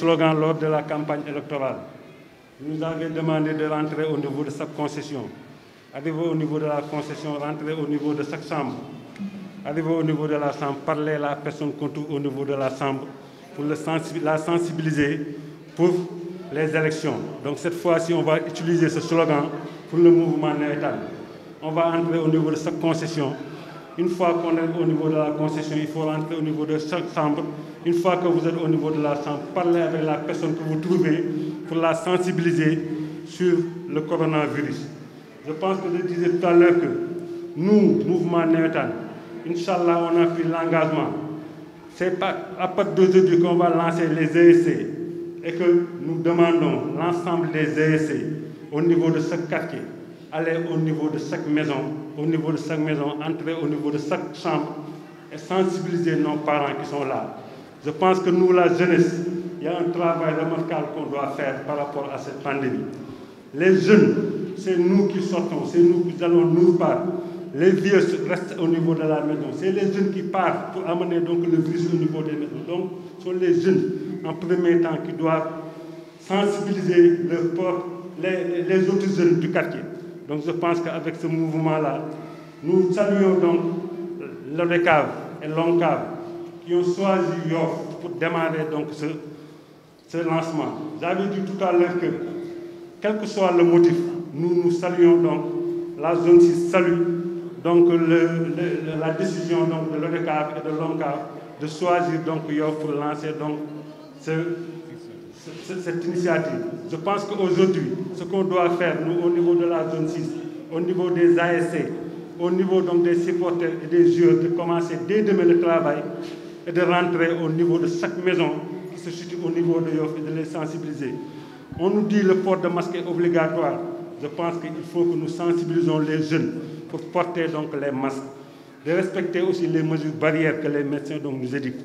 slogan lors de la campagne électorale. Vous nous avez demandé de rentrer au niveau de chaque concession. Arriver au niveau de la concession, rentrer au niveau de chaque chambre. Arriver au niveau de la chambre, parler la personne qu'on au niveau de la chambre pour le sensibiliser, la sensibiliser pour les élections. Donc cette fois-ci, on va utiliser ce slogan pour le mouvement navétane. On va entrer au niveau de chaque concession, Une fois qu'on est au niveau de la concession, il faut rentrer au niveau de chaque chambre. Une fois que vous êtes au niveau de la chambre, parlez avec la personne que vous trouvez pour la sensibiliser sur le coronavirus. Je pense que je disais tout à l'heure que nous, mouvement Néotan, Inch'Allah, on a pris l'engagement. C'est pas à partir d'aujourd'hui qu'on va lancer les ESC et que nous demandons l'ensemble des ESC au niveau de chaque quartier, aller au niveau de chaque maison au niveau de chaque maison, entrer au niveau de chaque chambre et sensibiliser nos parents qui sont là. Je pense que nous, la jeunesse, il y a un travail remarquable qu'on doit faire par rapport à cette pandémie. Les jeunes, c'est nous qui sortons, c'est nous qui allons nous parler. Les vieux restent au niveau de la maison. C'est les jeunes qui partent pour amener donc le virus au niveau des maisons. Donc, sont les jeunes, en premier temps, qui doivent sensibiliser leurs les, les autres jeunes Donc je pense qu'avec ce mouvement-là, nous saluons donc l'ODECAV et l'ONCAV qui ont choisi Yoff pour démarrer donc ce, ce lancement. J'avais dit tout à l'heure que, quel que soit le motif, nous nous saluons donc, la zone 6 salue donc le, la décision donc de l'ODECAV et de l'ONCAV de choisir donc Yoff pour lancer donc ce cette initiative. Je pense qu'aujourd'hui, ce qu'on doit faire, nous, au niveau de la zone 6, au niveau des ASC, au niveau donc des supporters et des joueurs, de commencer des demain le travail et de rentrer au niveau de chaque maison qui se situe au niveau de Yoff de les sensibiliser. On nous dit le port de masque est obligatoire. Je pense qu'il faut que nous sensibilisons les jeunes pour porter donc les masques, de respecter aussi les mesures barrières les médecins donc, nous édictent.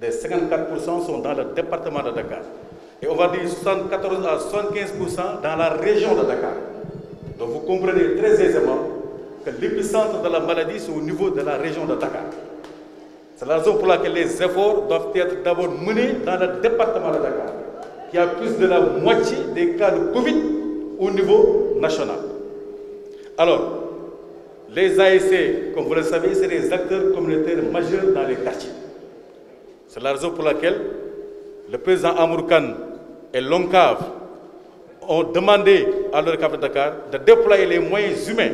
des 54% sont dans le département de Dakar. Et on va dire Donc vous comprenez très aisément la maladie, c'est au de la région de Dakar. C'est la raison les efforts doivent être d'abord menés dans le la moitié des cas de au niveau national. Alors, les ASC, comme vous le savez, c'est des C'est la raison pour laquelle le président Amour Khan et l'ONCAV ont demandé à l'ONCAV de Dakar de déployer les moyens humains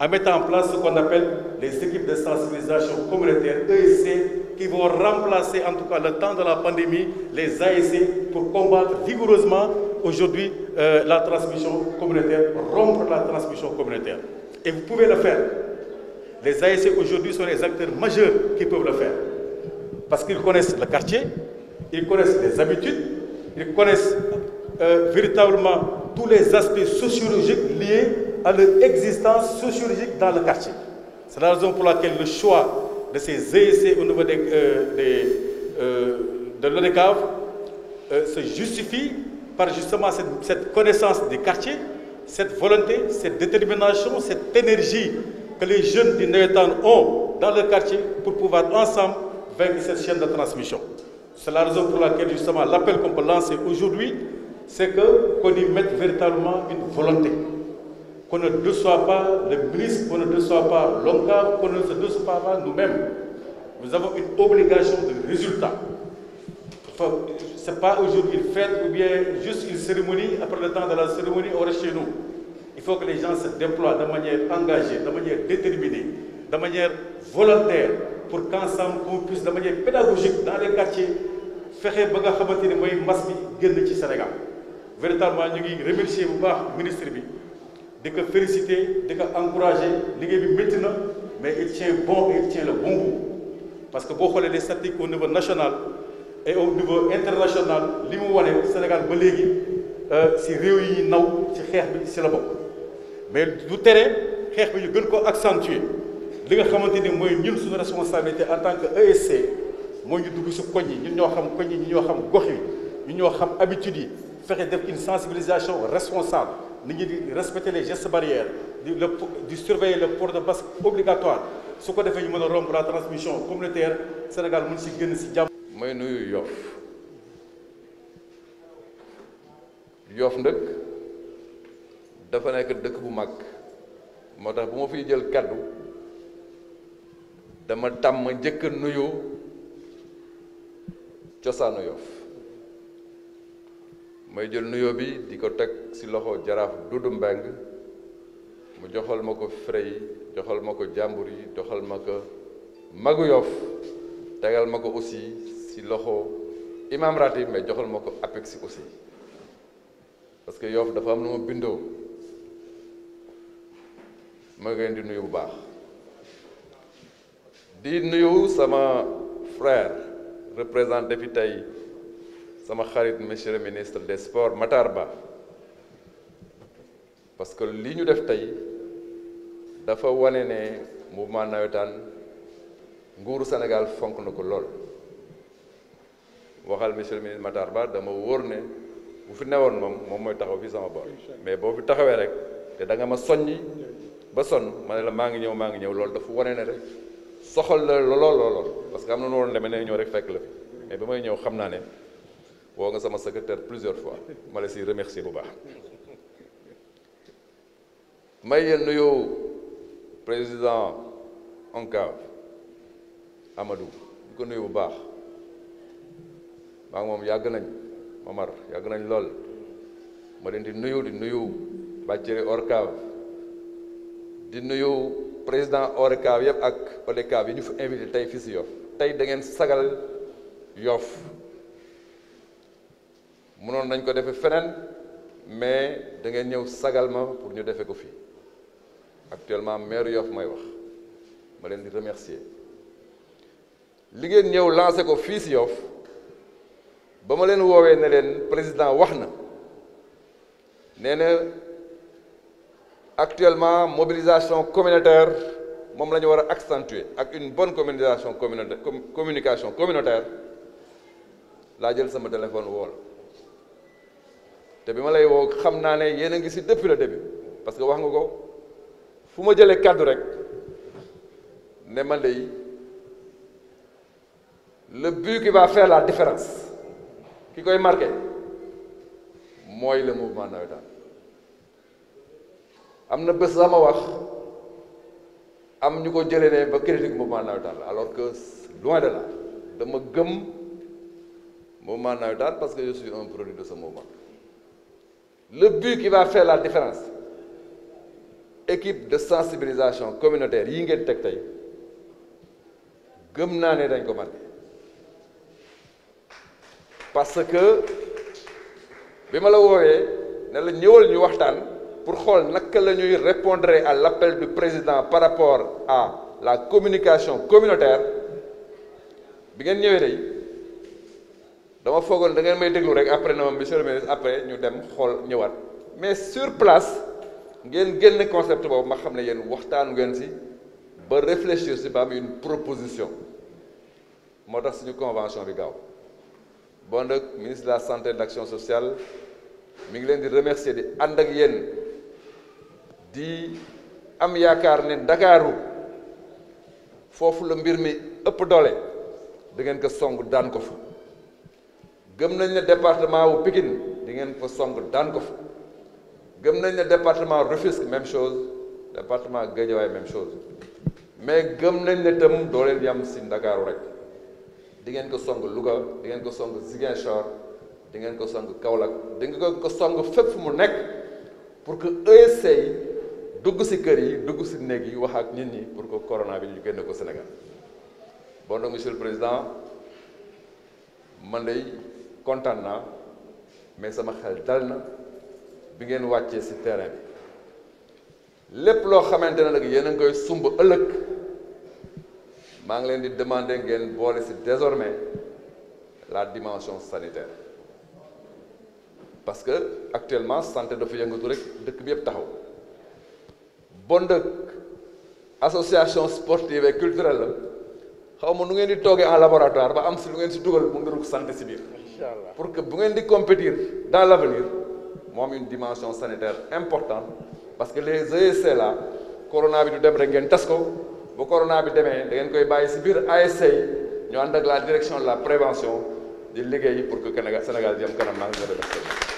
en mettant en place ce qu'on appelle les équipes de sensibilisation communautaire, ESC, qui vont remplacer en tout cas le temps de la pandémie les ASC pour combattre vigoureusement aujourd'hui euh, la transmission communautaire, rompre la transmission communautaire. Et vous pouvez le faire. Les ASC aujourd'hui sont les acteurs parce qu'ils connaissent le quartier, ils connaissent les habitudes, ils connaissent euh, véritablement tous les aspects sociologiques liés à leur existence sociologique dans le quartier. C'est la raison pour laquelle le choix de ces EEC au niveau des, euh, des, euh, euh se justifie par justement cette, connaissance des quartiers, cette volonté, cette détermination, cette énergie que les jeunes du Néotan ont dans le quartier pour pouvoir ensemble 27 chaînes de transmission. C'est la raison pour laquelle justement l'appel qu'on peut lancer aujourd'hui, c'est que qu'on y mette véritablement une volonté. Qu'on ne déçoit pas le ministre, qu'on de déçoit pas l'ONCAV, qu'on ne se déçoit pas nous-mêmes. Nous avons une obligation de résultat. Ce n'est pas aujourd'hui une fête ou juste une cérémonie. Après le temps de la cérémonie, on reste chez Il faut que les gens se déploient de manière engagée, de manière déterminée, de manière pour qu'ensemble qu'on puisse de manière pédagogique dans les quartiers fexe ba nga xamante ni mooy mas bi génn ci Sénégal véritablement ñu ngi remercier bu baax ministre bi di ko féliciter di ko encourager liggéey bi métti na mais il tient bon et il tient parce que boo xoolee les statistiques au niveau national et au niveau international li mu wane Sénégal ba léegi euh, si réew yi naw si xeex bi si la bokk mais du tere xeex bi ñu gën ko accentuer li nga xamante ni mooy ñun suñu responsabilité en tant que ESC mooy ñu dugg si koñ yi ñun ñoo xam koñ yi ñu ñoo xam gox yi ñu ñoo xam habitude yi fexe def une sensibilisation responsable ni ñu di respecter les gestes barrières di le di surveiller le pour de basque obligatoire su ko defee ñu mën a rompre la transmission communautaire Sénégal mun si génn si jàmm. mooy nuyu Yoff Yoff nag dafa nekk dëkk bu mag moo tax bu ma fiy jël kaddu. dama tàmm njëkk a nuyoo cosaanu Yoff may jël nuyoo bi di ko teg ci loxo jaraaf Dudu Mbeng mu joxal ma ko fere yi joxal ma ko jàmbur yi joxal ma ko magu Yoff tegal ma ko aussi ci loxo imam ratib mais joxal ma ko APEX ci aussi parce que Yoff dafa am na ma bindoo ma ngeen leen di nuyu bu baax di nuyu sama frère représenté fi tey sama xarit monsieur le ministre des sports Matar Ba parce que li ñu def tey dafa wane ne mouvement nawetaan nguuru Sénégal fonk na ko lool waxal monsieur le ministre Matar Ba dama wóor ne bu fi newoon moom moom mooy taxaw fii sama bor mais boo taxawee rek te da ma soññi ba sonn ma ne la maa ngi ñëw maa ngi ñëw loolu dafa wane ne rek soxal la lool parce que am na noonu demee ne ñëw rek fekk la fi mais ba may ñëw xam naa ne woo nga sama secrétaire plusieurs fois ma la si remercier bu baax may yéen président ONCAV Amadou di ko baax maa moom yàgg nañ Mamar yàgg nañ lool ma leen di nuyu di nuyu bàccere ORCAV di nuyu président ORCAV yëpp ak ODCAV yi ñu fi invité tey fii si Yoff tey da ngeen sagal yoof mënoon nañ ko defee feneen mais da ngeen ñëw sagal ma pour ñu defee ko fii actuellement maire Yoff may wax ma leen di remercier li ngeen ñëw lancé ko fii si Yoff ba ma leen woowee ne leen président wax na nee na actuellement mobilisation communautaire moom la ñu war a accentuer ak une bonne communication communautaire communication communautaire laa jël sama téléphone wool te bi ma lay woo xam naa ne yéen a ngi si depuis le début parce que wax nga ko fu ma jëlee kàddu rek ne ma lay le but qui va faire la différence ki koy marqué mooy le mouvement navétane am na bés sama wax am ñu ko jëlee ne ba critique mouvement nawetaan la alors que loin de là dama gëm mouvement nawetaan parce que je un produit de ce mouvement le qui va faire la différence équipe de sensibilisation communautaire yi ngeen teg tey gëm naa ne dañ ko man parce que bi ma la woowee ne la ñëwal ñu waxtaan pour xool naka la ñuy répondre à l'appel du président par rapport à la communication communautaire bi ngeen ñëwee tey dama foogoon da ngeen may déglu rek après na ma monsieur le ministre après ñu dem xool ñëwaat mais sur place ngeen génne concept boobu ma xam ne yéen waxtaan ngeen si ba réfléchir si ba une proposition moo tax suñu convention bi gaaw bon nag ministre de la santé de l'action sociale mi ngi leen di remercier di ànd ak yéen di am yaakaar ne dakaaru foofu la mbir mi ëpp doole di ngeen ko song daan ko fa gëm nañ ne département wu Pikine di ngeen ko song daan ko fa gëm nañ ne département Rufisque même chose département Guédiawaye même chose mais gëm nañ ne tam doo leen yam si ndakaaru rek di ngeen ko song Louga di ngeen ko song Ziguinchor di ngeen ko song Kaolack di ngeen ko song fépp fu mu nekk pour que ESA dugg si kër yi dugg si néeg yi wax ak nit ñi pour que corona bi ñu génn ko Sénégal bon donc monsieur le président man day kontaan naa mais sama xel dal na bi ngeen wàccee si terrain bi lépp loo xamante ne nag yéen a ngi koy sumb ëllëg maa ngi leen di demander ngeen boole si désormais la dimension sanitaire parce que actuellement santé dafa yëngatu rek dëkk bi yëpp taxaw. Bondëk association sportive et culturelle la xaw ma nu ngeen di toogee en laboratoire ba am si lu ngeen si dugal mu ngi santé si biir. incha pour que bu ngeen di compétir dans l' avenir mu am une dimension sanitaire importante parce que les ASC e la corona bi du dem rek ngeen tas ko bu corona bi demee da ngeen koy bàyyi si biir ASC yi ñu ànd ak la direction de la prévention di liggéey pour que Sénégal jëm kanam maa ngi leen